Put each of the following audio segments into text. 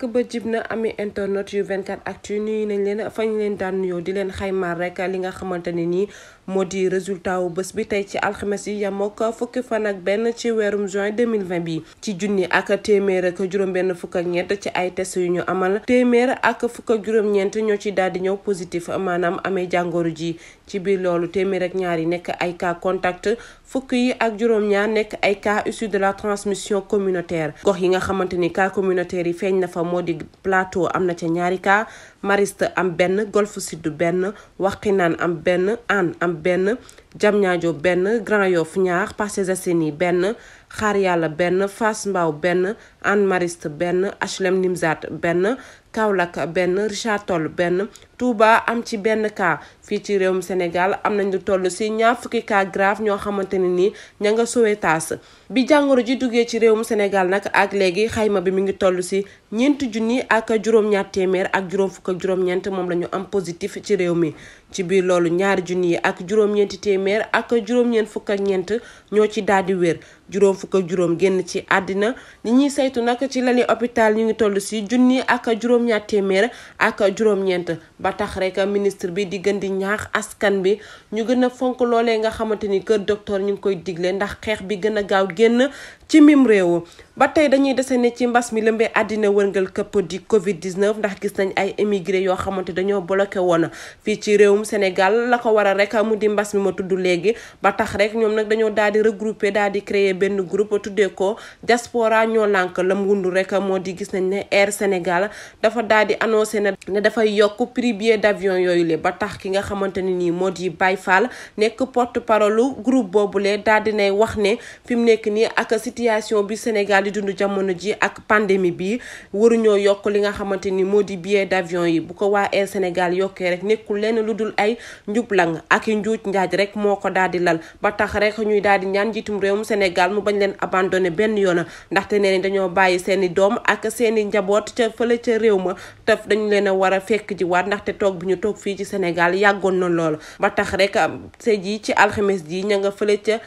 tàkk ba jib na ami internet yu 24 actu nuyu nañ leen fañ leen daan nuyoo di leen xaymaal rek li nga xamante ne nii moo di résultat wu bés bi tey ci alxames yi yamook fukki fan ak benn ci weerum juin 2020 bi ci junni ak téeméer ak juróom-benn fukk ak ñeent ci ay test yu ñu amal téeméer ak fukk ak juróom-ñeent ñoo ci daal di ñëw positif maanaam amee jàngoro ji ci biir loolu téeméer ak ñaar yi nekk ay cas contact fukk yi ak juróom-ñaar nekk ay cas issus de la transmission communautaire gox yi nga xamante ni cas communautaire yi feeñ na fa moo di plateau am na ca ñaari cas Mariste am benn Golf Sud benn Waxinaan am benn Hann am benn Diamniadio benn Grand Yoff ñaar Parcelles Assainies benn Xaar Yàlla benn Fass Mbao benn Hann Mariste benn HLM Nimzat benn Kaolack benn Richard Toll benn Touba am ci benn cas fii ci réewum Sénégal am nañ lu toll si ñaar fukki cas grave ñoo xamante ne ni ña nga Sowetaas bi jàngoro ji duggee ci réewum Sénégal nag ak léegi xayma bi mu ngi toll si ñeenti junni ak juróom-ñaar téeméer ak juróom fukk ak juróom-ñeent moom la ñu am positif ci réew mi. ci biir loolu ñaari junni yi ak juróom-ñeenti téeméer ak juróom-ñeent fukk ak ñeent ñoo ci daal di wér juróom fukk juróom génn ci àddina li ñuy saytu nag ci lali hôpital ñu ngi toll si junni ak juróom-ñaar téeméer ak juróom-ñeent ba tax rek ministre bi di gën di ñaax askan bi ñu gën a fonk loole nga xamante ni kër docteur ñu ngi koy digle ndax xeex bi gën a gaaw génn ci mim réew ba tey dañuy dese ne ci mbas mi lëmbee àddina wërngal këpp di Covid 19 ndax gis nañ ay émigré yoo xamante dañoo bloqué woon fii ci réewum Sénégal la ko waral rek mu di mbas mi ma tudd léegi ba daal di regroupé benn groupe tuddee ko diaspora ñoo lànk la wundu rek moo di gis nañ ne Air Sénégal dafa daal di annoncé ne dafay yokk prix billet d'avion yooyu le ba tax ki nga xamante ne nii moo di Baye Fall nekk porte parole groupe boobule daal di nay wax ne fi mu nekk nii ak situation bi Sénégal di dund jamono ji ak pandémie bi waruñoo yokk li nga xamante ni moo di billet d'avion yi bu ko waa Air Sénégal yokkee rek nekkul lenn lu dul ay njublang ak i njuuj njaaj rek moo ko daal di lal ba tax rek ñuy daal ñaan njiitum réewum Sénégal daal mu bañ leen abandonné benn yoona ndaxte nee nañ dañoo bàyyi seen i doom ak seeni i njaboot ca fële ca réew ma taf dañu leen a war a fekk ji waat ndaxte toog bi ñu toog fii ci Sénégal yàggoon na lool ba tax rek se ji ci alxames ji ña nga fële ca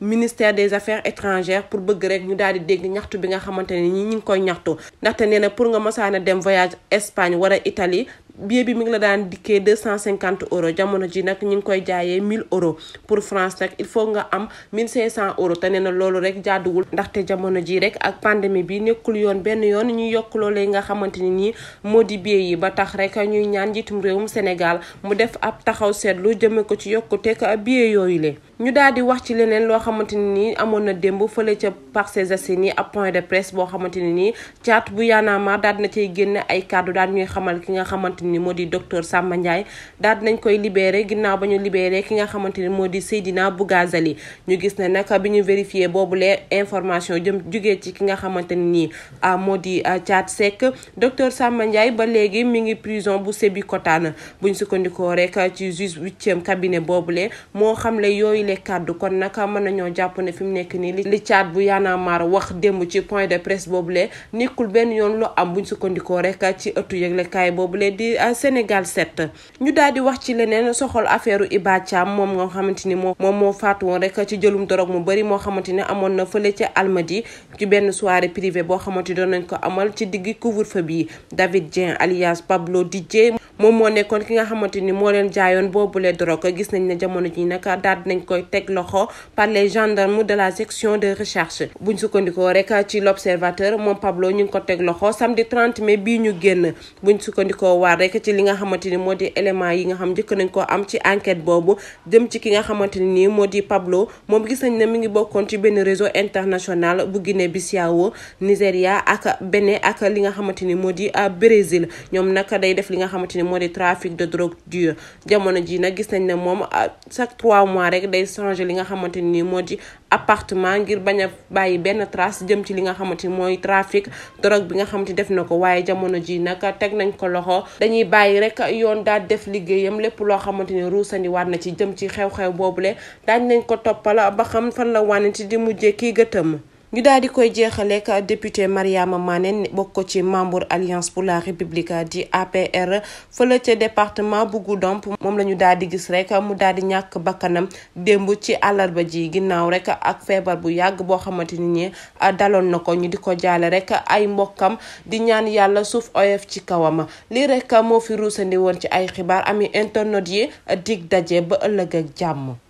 ministère des affaires étrangères pour bëgg rek ñu daal dégg ñaxtu bi nga xamante ne ñi ñu ngi koy ñaxtoo ndaxte nee na pour nga mosaana dem voyage Espagne wala Italie billet bi mu ngi la daan dikkee deux cent cinquante euros jamono ji nag ñu ngi koy jaayee mille euros pour France nag il faut nga am mille cinq cent euros te nee na loolu rek jaaduwul ndaxte jamono ji rek ak pandémie bi nekkul yoon benn yoon ñu yokk loolee nga xamante ni nii moo di billet yi ba tax rek ñuy ñaan njiitum réewum Sénégal mu def ab taxaw seetlu jëme ko ci yokkute ak billet yooyu le ñu daal di wax ci leneen loo xamante ne nii amoon na démb fële ca Parcelles Assainies ab point de presse boo xamante ne nii caat bu Y'en a na daal génne ay kàddu daal ñuy xamal ki nga xamante nii moo di docteur Samba Ndiaye daal dinañ koy libéré ginnaaw ba ñu libéré ki nga xamante ni moo di Seydina Bougazali ñu gis ne nag bi ñu vérifié boobule information jëm jugee ci ki nga xamante ne nii ah, moo di caat ah, Seck docteur Samba Ndiaye ba léegi mi ngi prison bu sebi Sébikotane buñ sukkandikoo rek ci juge huitième cabinet boobule moo xamle yooyu yile kàddu kon nag mën nañoo jàpp ne fi mu nekk nii li caat bu Y'en a marre wax démb ci point de presse boobule nekkul benn yoon lu am buñ sukkandikoo rek ci ëttu yëglekaay boobule di euh, Sénégal 7 ñu daal di wax ci leneen soxol affaire Iba Thiam moom nga xamante ni moom moo faatu woon rek ci jëlum dorog mu bëri moo xamante ni amoon na fële ca Almadi ci benn soirée privée boo xamante ni doon nañ ko amal ci digg couvre-feu bi David Dieng alias Pablo moom moo nekkoon ki nga xamante ni moo leen jaayoon boobule drogue gis nañ ne jamono ji nag daal nañ koy teg loxo par les gendarmes de la section de recherche buñ sukkandikoo rek ci l'observateur moom Pablo ñu ngi ko teg loxo samedi 30 mai bii ñu génn buñ sukkandikoo waar rek ci li nga xamante ni moo di élément yi nga xam njëkk nañ ko am ci enquête boobu jëm ci ki nga xamante ni nii moo di Pablo moom gis nañ ne mi ngi bokkoon ci benn réseau international bu Guinée Bissau Nigéria ak Bénin ak li nga xamante ni moo di euh, Brésil ñoom nag day def li nga xamante ni moo di trafic de drogue dure jamono ji nag gis nañ ne moom ah, chaque trois mois rek day changer li nga xamante ni moo di appartement ngir bañ a bàyyi benn trace jëm ci li nga xamante ni mooy trafic drogue bi nga xamante ni def na ko waaye jamono ji nag teg nañ ko loxo dañuy bàyyi rek yoon daal def liggéeyam lépp loo xamante ni ruusandi waat na ci jëm ci xew-xew boobule daañ nañ ko toppal ba xam fan la ci di mujjee kii gëtëm ñu daal di koy jeexaleek député Mariama Mané bokk ci membre alliance pour la république di APR fële ca département bu Goudomp moom la ñu daal di gis rek mu daal di ñàkk bakkanam démb ci àllarba ji ginnaaw rek ak feebar bu yàgg boo xamante ni ñi daloon na ko ñu di ko jaale rek ay mbokkam di ñaan yàlla suuf oyof ci kawama lii rek moo fi ruusandi woon ci ay xibaar ami internet yi dig daje ba ëllëg ak jàmm.